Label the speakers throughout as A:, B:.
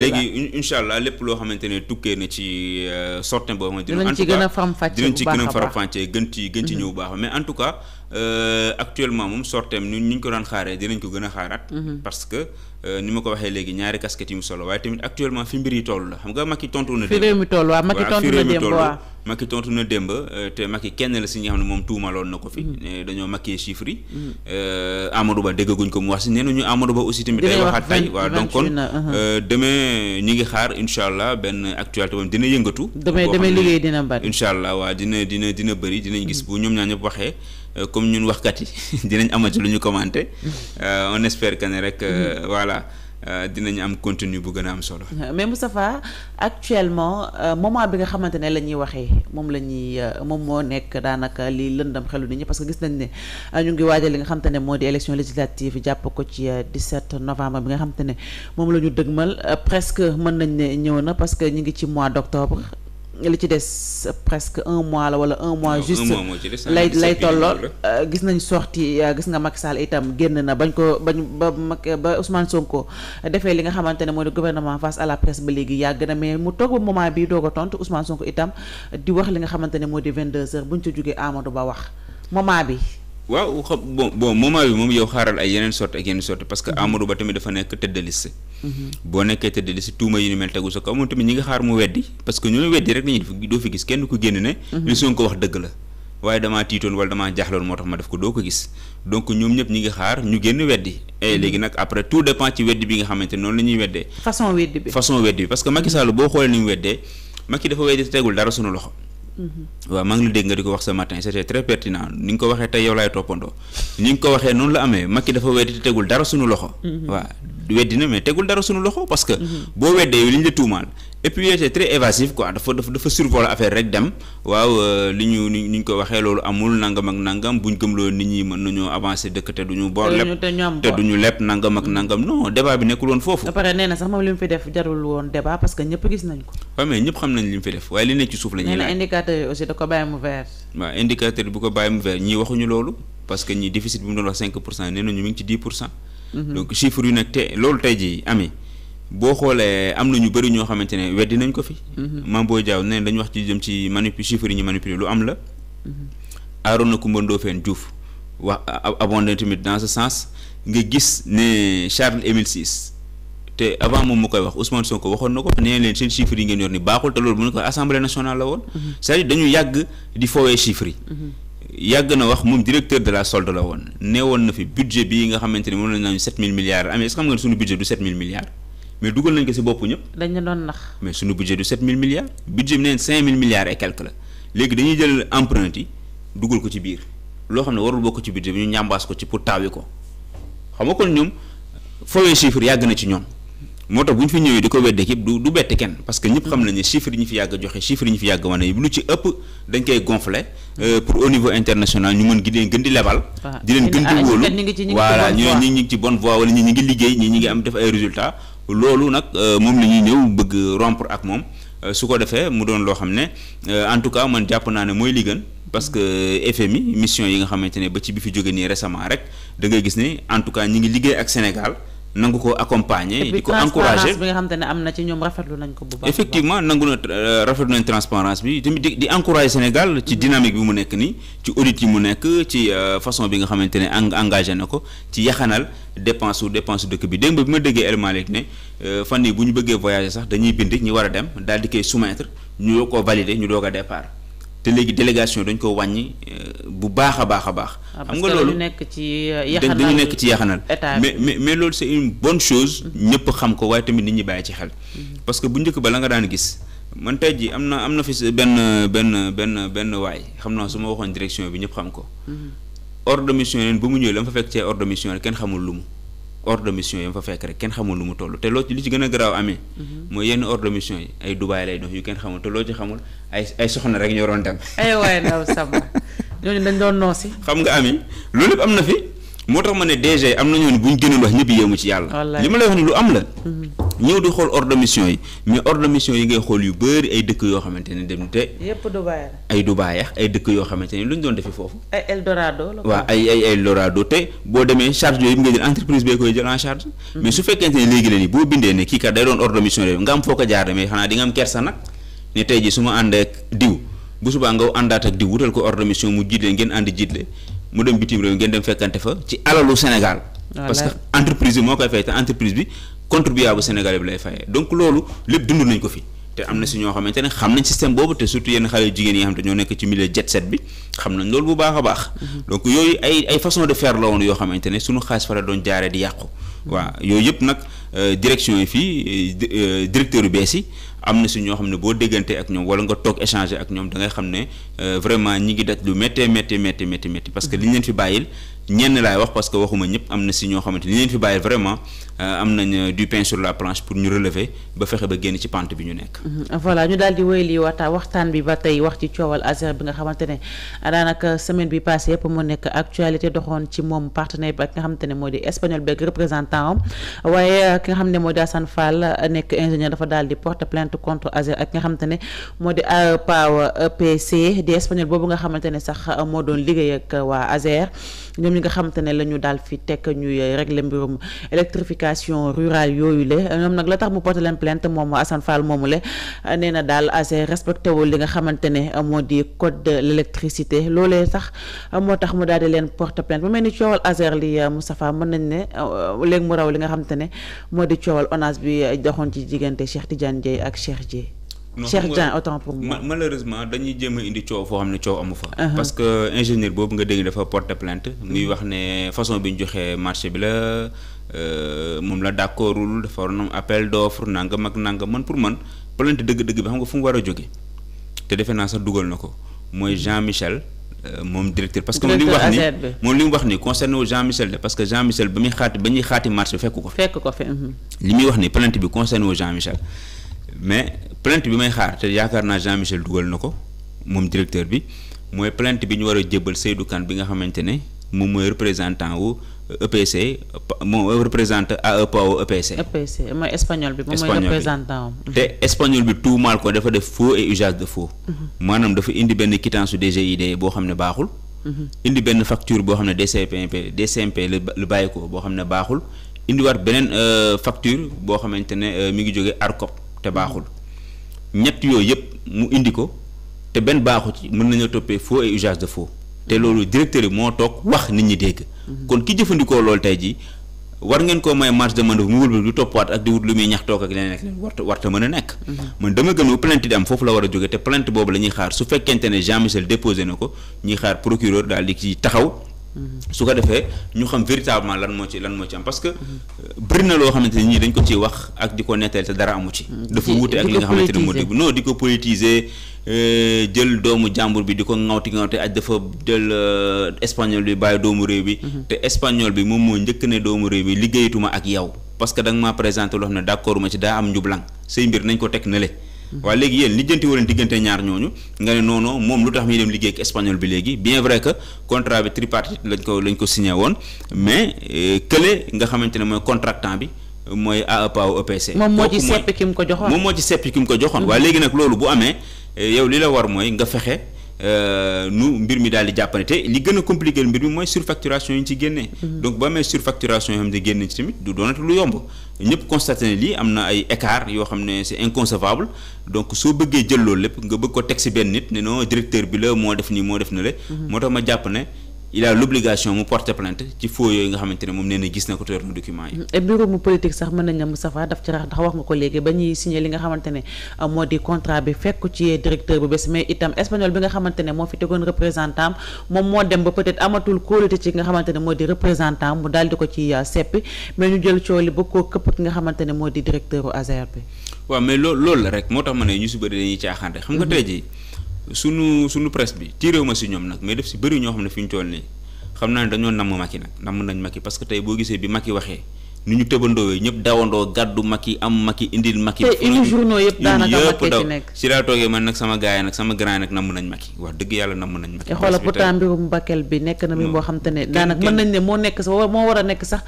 A: léegi
B: incha allah lépp loo xamante ne tukkee na ci euh, sortin boo xamante ne en tout
A: cas dinañ ci gën a
B: faram-fàccee gën ci gën ci mm-hmm. ñëw baax mais en tout cas euh, actuellement moom sortem ñun ñu ñu ko daan xaaree dinañ ko gën a xaaraat mm-hmm. parce que euh, ni ma ko waxee léegi ñaari casquette yu mu solo waaye tamit actuellement fi mbir yi toll la xam nga Macky tontu na fi réew mi toll waaw Macky tontu na démb waaw Macky tontu na démb euh, te Macky kenn la si ñi nga xam ne moom tuumaloon na ko fi. Mm-hmm. dañoo maquiller chiffres yi. Mm-hmm. Euh, Amadou Ba déggaguñ ko mu wax si nee ñu Amadou Ba aussi tamit. day waxaat tey waaw donc uh-huh. euh, demee ñi ngi xaar incha allah benn actualité boobu dina yëngatu. demee demee liggéey dina mbat incha waa dina dina dina bëri dinañ gis mm-hmm. bu ñoom ñaa ñëpp waxee. comme ñun waxkat yi dinañ amati lu ñu commenté on espère que ne rek voilà. Euh, dinañ am continue bu gën a am solo.
A: Euh, mais Moustapha actuellement euh, moment bi nga xamante ne la ñuy waxee moom la ñuy moom moo nekk daanaka li lëndam xelu nit ñi parce que gis nañ ne ñu ngi waajal li nga xamante ne moo di élection législative jàpp ko ci 17 novembre bi nga xamante ne moom la ñu dëgmal presque mën nañ ne ñëw na parce que ñu ngi ci mois d' octobre. li ci des presque un mois la wala un mois juste lay lay tollool euh, gis nañ sorti euh, gis nga Macky Sall itam génn na bañ ko bañ ba Macky ba Ousmane Sonko defee li nga xamante ne mooy gouvernement face à la presse ba léegi yàgg na mais mu toog ba moment bi doo a tontu Ousmane Sonko itam di wax li nga xamante ne moo di 22 bu buñ ca jógee Amadou Ba wax moment bi
B: waaw xam bon bon moment bi moom yow xaaral ay yeneen sorte ak yeneen sorte parce que mhm. Amadou Ba tamit dafa nekk tête mhm. boo nekkee tête tuuma yu ni mel tegu sa kaw moom tamit ñi nga xaar mu weddi parce que ñooñu weddi rek nañu doo fi gis kenn ku génn ne. Mhm. li Sonko wax dëgg la. waaye damaa tiitoon wala damaa jaaxloon ñoom ñëpp ñi ngi xaar ñu génn weddi et eh, léegi nag après tout dépend ci weddi bi nga xamante noonu la ñuy weddee.
A: façon weddi bi
B: façon weddi bi parce que Macky Sall boo xoolee ni mu weddee Macky dafa weddi tegul dara sunu loxo. Mm-hmm. waaw maa ngi lu dégg nga di ko wax ce matin c'était très pertinent ni nga ko waxee tey yow laay toppandoo ni nga ko waxee noonu la amee Macky dafa weddi te tegul dara suñu loxo mm-hmm. waaw weddi na mais tegul dara suñu loxo parce que mm-hmm. boo weddee li ñu la tuumaal et puis était très évasif quoi dafa dafa dafa affaire rek dem waaw euh, li ñu ni ñu ko waxee loolu amul nangam ak nangam buñ gëmloo nit ñi mën nañoo avancer dëkk te duñu boor lépp te duñu lepp nangam ak nangam non débat bi foofu. ba
A: pare nee na sax moom li mu fi def jarul woon débat
B: loolu parce que ñii déficit bi mu doon wax 5 pour cent nee na ñu ngi ci mhm. te loolu amee boo xoolee am na ñu bëri ñoo xamante ne weddi nañ ko fi. Mhm. Mame Boye Diao nee dañu wax ci jëm ci manip chiffres yi ñu lu am la. Mhm. Arona Coumba Ndoffène Diouf wax abondé tamit dans ce sens nga gis ne Charles te avant moom mu koy wax Ousmane Sonko waxoon na ko nee leen seen chiffres yi ngeen yor ni baaxul te loolu bu ñu ko assemblée nationale la woon. Mhm. cest à dañu yàgg di foowee chiffres yi. yàgg na wax moom directeur de la solde la woon nee woon na mais dugal nañ ko si bopp ñëpp. dañ la doon nax. mais suñu budget du 7000 milliards. budget bi neen 5000 milliards et quelque la léegi dañuy jël emprunte yi dugal ko ci biir loo xam ne warul bokk ci budget bi ñu ñambaas ko ci pour taawi ko xam nga kon ñoom fooyee chiffre na ci ñoom. moo tax bu ñu fi ñëwee di ko weddee képp du du kenn parce que ñëpp xam nañu ne chiffres yi ñu yàgg joxe chiffres yi ñu fi yàgg wane lu ci ëpp dañ koy gonfler euh, pour au niveau international ñu mën gi leen gën di lebal di leen gën di ah, wóolu voilà liggéey ñi ngi am def loolu nag euh, moom la ñuy ñëw bëgg rompre ak moom euh, su ko defee mu doon loo xam ne euh, en tout cas man jàpp naa ne mooy li gën parce que FMI mission yi nga xamante ne ba ci bi fi jógee nii récemment rek da ngay gis ni en tout cas ñi ngi liggéey ak Sénégal nangu ko accompagner di ko encourager
A: bi nga xam ne am na ci ñoom rafetlu nañ ko bu
B: baax effectivement nangu na euh, rafetlu nañ transparence bi tamit di di encourager Sénégal ci mm-hmm. dynamique bi mu nekk nii ci audit yi mu nekk ci euh, façon bi nga xamante ne engagé na ko ci yaxanal dépense su dépense dëkk bi démb bi ma déggee El Malick ne euh, fan bu ñu bëggee voyager sax dañuy bind ñi war a dem daal di koy soumettre ñu doo ko valider ñu doog a départ te léegi délégation dañ ko wàññi bu baax a baax a baax. Ah, xam nga loolu
A: nekk ci euh, dañu nekk ci yaxanal mais
B: mais mais loolu c'est une bonne chose. Mm-hmm. ñëpp xam ko waaye tamit nit ñi bàyyi ci xel. Mm-hmm. parce que bu njëkk bala nga daan gis. man tey ji am na am na fi benn benn benn benn waay xam naa su ma waxoon direction bi ñëpp xam ko. Mm-hmm. ordre de mission yi ba mu ñëwee la ma fa fekk ci ordre de lu mu. ordre de mission yi fekk rek kenn xamul lu mu toll te loo ci li ci gën a garaaw amee. mooy yenn ordre de mission yi ay Dubaay lay dox yu kenn xamul te loo ci xamul ay ay soxna rek ñoo doon dem.
A: ñooñu dañ doon noosi.
B: xam nga ami loolu am na fi moo tax ma ne DG am na ñooñu bu ñu gënoon wax ñëpp mu ci yàlla. li ma la wax ni lu am la. Mm-hmm. ñëw di xool ordre yi mais ordre yi ngay xool yu bëri ay dëkk yoo xamante ne dem te.
A: yëpp Dubaay
B: la ay ay dëkk yoo xamante ne lu ñu doon defee foofu.
A: ay Eldorado la. waaw
B: ay ay Eldorado te boo demee charge yooyu nga jël entreprise bee koy jël en charge. Mm-hmm. mais su fekkente ne léegi la nii boo bindee ne kii kat day doon ordre de mission yooyu nga am foo ko jaar mais xanaa di nga am kersa nag ne tey ji su ma ànd diw bu subaa nga àndaat ak di wutal ko ordre de mission mu jiitle ngeen ànd jiitle mu dem bitim réew ngeen dem fekkante fa ci alalu Sénégal. parce que entreprise bi moo koy fay te entreprise bi contribuable sénégalais bi lay fayee donc loolu lépp dund nañ ko fi. te am na si ñoo xamante ne xam nañ système boobu te surtout yenn xale jigéen yi nga xam te ñoo nekk ci milieu jet set bi xam nañ loolu bu baax a baax. Mhm. donc yooyu ay façon de faire la woon yoo xamante ne suñu xaalis fa la doon jaaree di yàqu. waaw yooyu yëpp nag euh, direction yi fii euh, euh, directeur yu bees yi. am na si ñoo xam ne boo déggante ak ñoom wala nga toog échanger ak ñoom da xam ne euh, vraiment ñi ngi daj lu méttee méttee méttee méttee parce que li ñu leen fi bàyyil ñenn laay wax parce que waxuma ñëpp am na si ñoo xamante ni leen fi bàyyi vraiment euh, am nañ euh, du pain sur la planche pour ñu relever ba fexe ba génn ci pante bi ñu nekk.
A: Mm-hmm. voilà ñu daal di wéyali waxtaan waxtaan bi ba tey wax ci coowal Azer bi nga xamante ne daanaka semaine bi passée yëpp mu nekk actualité doxoon ci moom partenaire bi ak nga xamante ne moo di espagnol beeg représentant waaye euh, ki nga xam ne moo di Assane Fall nekk ingénieur dafa daal di porter plainte contre Azer ak nga xamante ne moo di AEPA EPC e di espagnol boobu nga xamante ne sax moo doon liggéey ak waa Azer ñooñu nga xamante ne la ñu daal fi tekk ñuy régler mbirum électrification rurale yooyu le ñoom nag la tax mu porté leen plainte moom Assane Fall moomu le nee na daal assez respecté wul li nga xamante ne moo di code de l'électricité loolee sax moo tax mu daal di leen porté plainte mu mel ni coowal ASER li euh, Moustapha mën nañ ne euh, léegi mu raw li nga xamante ne moo di coowal ONAS bi euh, doxoon ci diggante Cheikh Tidiane Dièye ak Cheikh Dièye Cheikh Dieng autant pour moi
B: malheureusement dañuy jéem a indi coow foo xam ne coow amu fa. Uh-huh. parce que ingénieur boobu nga dégg dafa porter plainte muy uh-huh. wax ne façon bi ñu joxee marché bi la euh, moom la d'accordul dafa waroon appel d'offre nangam ak nangam man pour man plainte dëgg-dëgg bi xam nga fu mu war a jóge te defe naa sax dugal na ko mooy Jean Michel. Euh, moom directeur parce que moom li mu wax ni moom wax ni concerné wu Jean Michel de parce que Jean Michel ba muy xaat ba ñuy xaati marché bi fekk ko
A: fekk ko fi uh-huh.
B: li muy bi concerné wu Jean plainte bi may xaar te yaakaar naa Jean Michel dugal na ko moom directeur bi mooy plainte bi ñu war a jébbal Seydou Kane bi nga xamante ne moom mooy représentant wu EPC moom représente AEPAO EPC.
A: EPC mooy espagnol bi moom mooy représentant
B: te espagnol bi tuumaal ko dafa def faux et usage de faux. Mhm. maanaam dafa indi benn quittance su DGID boo xam ne baaxul. Mhm. indi benn facture boo xam ne DCMP DCMP lu bàyyi ko boo xam ne baaxul indiwaat beneen euh, facture boo xamante ne euh, mi ngi jóge ARCOP te baaxul. ñett yooyu yëpp mu indi ko te benn baaxu ci mën nañoo toppee foo et usage de faux te loolu directeur yi moo toog wax nit ñi dégg. kon ki jëfandikoo loolu tey jii war ngeen koo may marge de manœuvre mu wëlbati du toppaat ak di wut lu muy ñax toog ak leneen ak leneen warta mën a nekk. Mhm. man dama gën a plainte di am foofu la war a jóge te plainte boobu la ñuy xaar su fekkente ne Jean Michel déposé na ko ñuy xaar procureur daal di ci taxaw. su ko defee ñu xam véritablement lan moo ci lan moo ci am parce que euh, bëri na loo xamante ni ñii dañ ko ciy wax ak di ko nettali te dara amu ci. Mm. dafa wuute ak li nga xamante ne moo di non di ko politiser. Euh, jël doomu jàmbur bi di ko ŋawti ŋawti aj dafa jël euh, espagnol bi bàyyi doomu réew bi mm-hmm. te espagnol bi moom moo njëkk ne doomu réew bi liggéeyatuma ak yow parce que da maa présenté loo xam ne d'accord ma ci daa am njublang say mbir nañ ko teg na waaw léegi yéen lijjanti wala diggante ñaar ñooñu nga ne non moom lu tax muy dem liggéey ak espagnol bi léegi bien vrai que contrat bi tripartite lañ ko lañ ko signé woon mais euh, kële nga xamante ne mooy contractant bi. mooy AEPA e ou EPC. moom moo ci seppi
A: ki mu ko joxoon moom moo
B: ci seppi ki mu ko joxoon. waa mm-hmm. léegi nag loolu bu amee euh, yow li la war mooy nga fexe. Euh, nu mbir mi daal di jàppane te li gën a compliqué mbir mi mooy surfacturation yi ñu ci génnee. Mhm. donc boo amee surfacturation yoo xam ne génne ci tamit du doonati lu yomb ñëpp constaté ne lii am na ay écart yoo xam ne c'est inconcevable donc soo bëggee jël loolu lépp nga bëgg ko teg si benn nit ne non directeur bi la moo def nii moo def na le mhm. moo tax ma jàpp ne. il a l'obligation mu porter plainte ci faux yooyu nga xamante ne moom nee na gis na ko teer na document yi
A: et bureau sax mën nañ ne daf ci rax ndax wax nga ko léegi ba ñuy signé nga xamante ne euh, moo di contrat bi fekk ci directeur bu mais itam espagnol bi nga xamante ne moo fi tegoon représentant moom moo dem ba peut-être amatul kóolute ci nga xamante ne moo di représentant mu daal di ko ci euh, seppi mais ñu jël coow li ba koo këpp ki nga xamante ne moo di directeur u bi
B: waaw mais lool loolu la rek moo tax ma ne si bëri dañuy nga mm-hmm. tey jii sunu sunu presse bi tiréew ma si ñoom nag mais def si bëri ñoo xam ne fi ñu toll xam naa ne dañoo namm Macky nag namm nañ Macky parce tey boo gisee bi Macky waxee ni ñu tëbandoo yooyu ñëpp dawandoo gàddu Macky am Macky indil Macky. te indi
A: journaux yëpp daanaka Macky daw
B: si laa toogee man nag sama gars yi nag sama nañ eh,
A: na mi boo xam te ne daanaka mën moo nekk sax moo war a nekk sax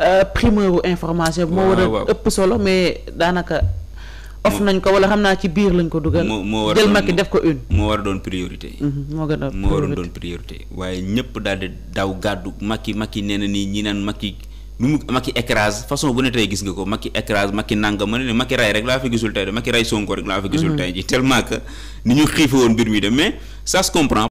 A: euh, primeur information bi moo war a ëpp solo mais daanaka off nañ ko wala xam naa ci biir lañ ko dugal. moo jël Macky def ko
B: moo war a doon priorité.
A: Mhm, moo gën a moo doon
B: priorité waaye ñëpp daal di daw gàddu Macky Macky nee na nii ñi naan Macky nu mu Macky écrase façon bu ne tey gis nga ko Macky écrase Macky nangam ma ne Macky ray rek laa fa gisul tey de Macky ray Sonko rek laa fa gisul mhm. tey ji tellement que ni ñu xiife woon mbir mi de mais ça comprend.